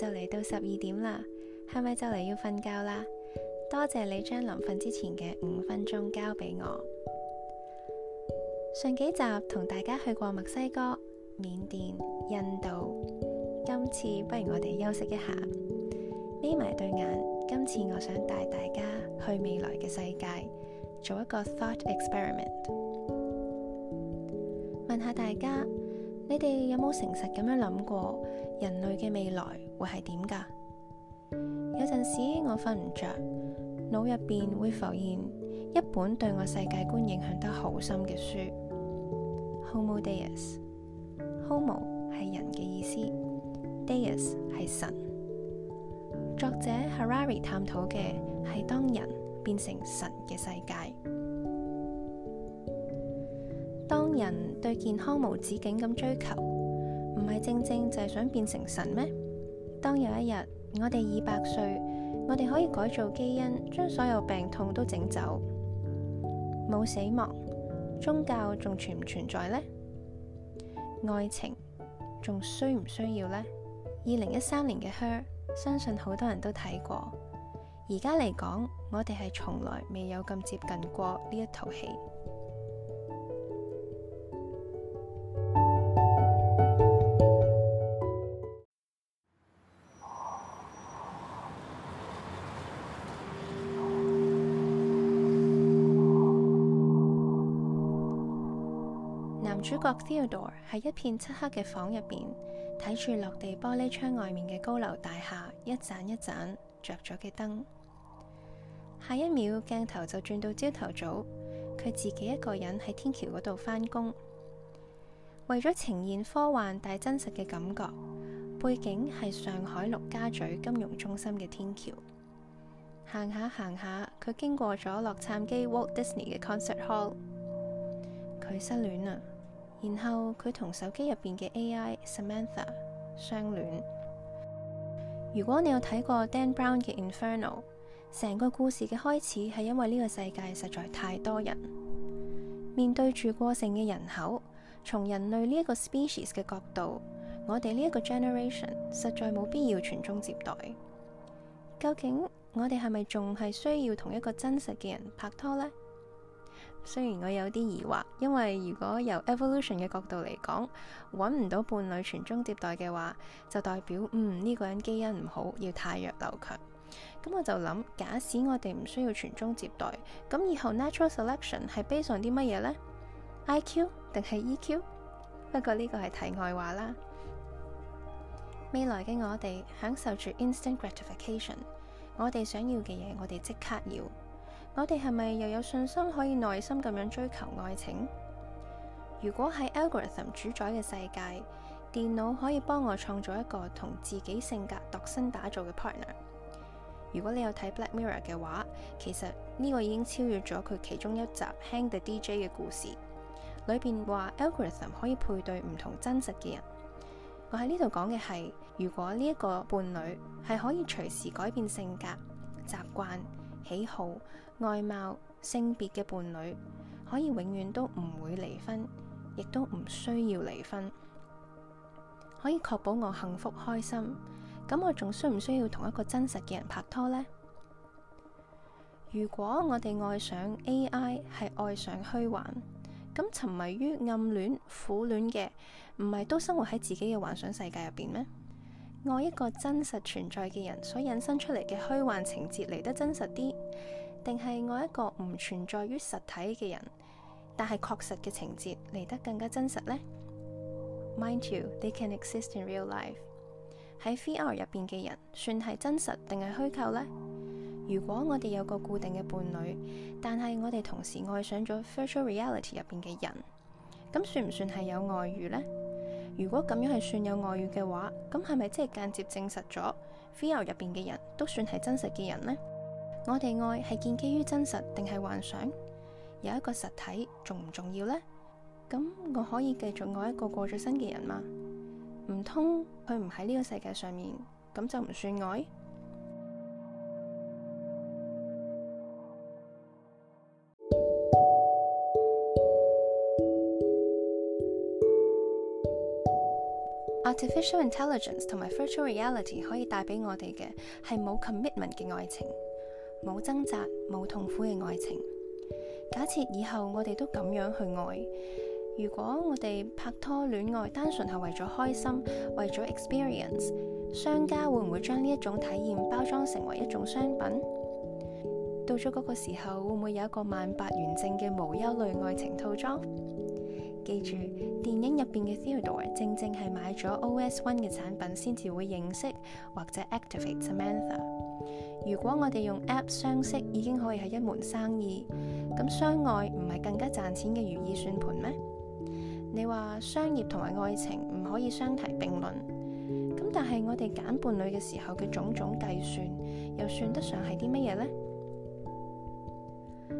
就嚟到十二點啦，係咪就嚟要瞓覺啦？多謝你將臨瞓之前嘅五分鐘交俾我。上幾集同大家去過墨西哥、緬甸、印度，今次不如我哋休息一下，眯埋對眼。今次我想帶大家去未來嘅世界，做一個 thought experiment。問下大家，你哋有冇誠實咁樣諗過？人類嘅未來會係點噶？有陣時我瞓唔着，腦入邊會浮現一本對我世界觀影響得好深嘅書《Homo Deus》。Homo 係人嘅意思，Deus 係神。作者 Harari 探討嘅係當人變成神嘅世界。當人對健康無止境咁追求。唔係正正就係想變成神咩？當有一日我哋二百歲，我哋可以改造基因，將所有病痛都整走，冇死亡，宗教仲存唔存在呢？愛情仲需唔需要呢？二零一三年嘅《Her》，相信好多人都睇過。而家嚟講，我哋係從來未有咁接近過呢一套戲。主角 Theodore 喺一片漆黑嘅房入邊睇住落地玻璃窗外面嘅高樓大廈，一盞一盞着咗嘅燈。下一秒鏡頭就轉到朝頭早，佢自己一個人喺天橋嗰度返工。為咗呈現科幻但真實嘅感覺，背景係上海陸家嘴金融中心嘅天橋。行下行下，佢經過咗洛杉磯 Walt Disney 嘅 Concert Hall。佢失戀啦。然後佢同手機入邊嘅 AI Samantha 相戀。如果你有睇過 Dan Brown 嘅 Inferno，成個故事嘅開始係因為呢個世界實在太多人，面對住過剩嘅人口，從人類呢一個 species 嘅角度，我哋呢一個 generation 實在冇必要傳宗接代。究竟我哋係咪仲係需要同一個真實嘅人拍拖呢？雖然我有啲疑惑，因為如果由 evolution 嘅角度嚟講，搵唔到伴侶傳宗接代嘅話，就代表嗯，呢個人基因唔好，要汰弱留強。咁我就諗，假使我哋唔需要傳宗接代，咁以後 natural selection 係 based on 啲乜嘢呢？IQ 定係 EQ？不過呢個係題外話啦。未來嘅我哋享受住 instant gratification，我哋想要嘅嘢我哋即刻要。我哋係咪又有信心可以耐心咁樣追求愛情？如果喺 algorithm 主宰嘅世界，電腦可以幫我創造一個同自己性格度身打造嘅 partner。如果你有睇《Black Mirror》嘅話，其實呢個已經超越咗佢其中一集《Hang the DJ》嘅故事裏邊話 algorithm 可以配對唔同真實嘅人。我喺呢度講嘅係，如果呢一個伴侶係可以隨時改變性格、習慣、喜好。外貌、性別嘅伴侶可以永遠都唔會離婚，亦都唔需要離婚，可以確保我幸福開心。咁我仲需唔需要同一個真實嘅人拍拖呢？如果我哋愛上 AI 係愛上虛幻，咁沉迷於暗戀、苦戀嘅，唔係都生活喺自己嘅幻想世界入邊咩？愛一個真實存在嘅人，所引申出嚟嘅虛幻情節嚟得真實啲，定係愛一個唔存在於實體嘅人，但係確實嘅情節嚟得更加真實呢？Mind you，they can exist in real life。喺 VR 入邊嘅人算係真實定係虛構呢？如果我哋有個固定嘅伴侶，但係我哋同時愛上咗 Virtual Reality 入邊嘅人，咁算唔算係有外遇呢？如果咁樣係算有外遇嘅話，咁係咪即係間接證實咗 VR 入邊嘅人都算係真實嘅人呢？我哋愛係建基於真實定係幻想？有一個實體重唔重要呢？咁我可以繼續愛一個過咗身嘅人嗎？唔通佢唔喺呢個世界上面，咁就唔算愛 ？Artificial Intelligence 同埋 Virtual Reality 可以帶俾我哋嘅係冇 commitment 嘅愛情。冇掙扎、冇痛苦嘅愛情。假設以後我哋都咁樣去愛，如果我哋拍拖、戀愛，單純係為咗開心、為咗 experience，商家會唔會將呢一種體驗包裝成為一種商品？到咗嗰個時候，會唔會有一個萬八元正嘅無憂慮愛情套裝？記住，電影入邊嘅 Theodore 正正係買咗 OS One 嘅產品，先至會認識或者 activate Samantha。如果我哋用 App 相識已經可以係一門生意，咁相愛唔係更加賺錢嘅如意算盤咩？你話商業同埋愛情唔可以相提並論？咁但係我哋揀伴侶嘅時候嘅種種計算，又算得上係啲乜嘢呢？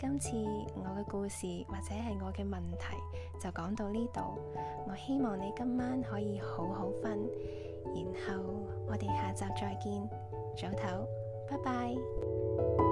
今次我嘅故事或者係我嘅問題就講到呢度，我希望你今晚可以好好瞓，然後我哋下集再見，早唞，拜拜。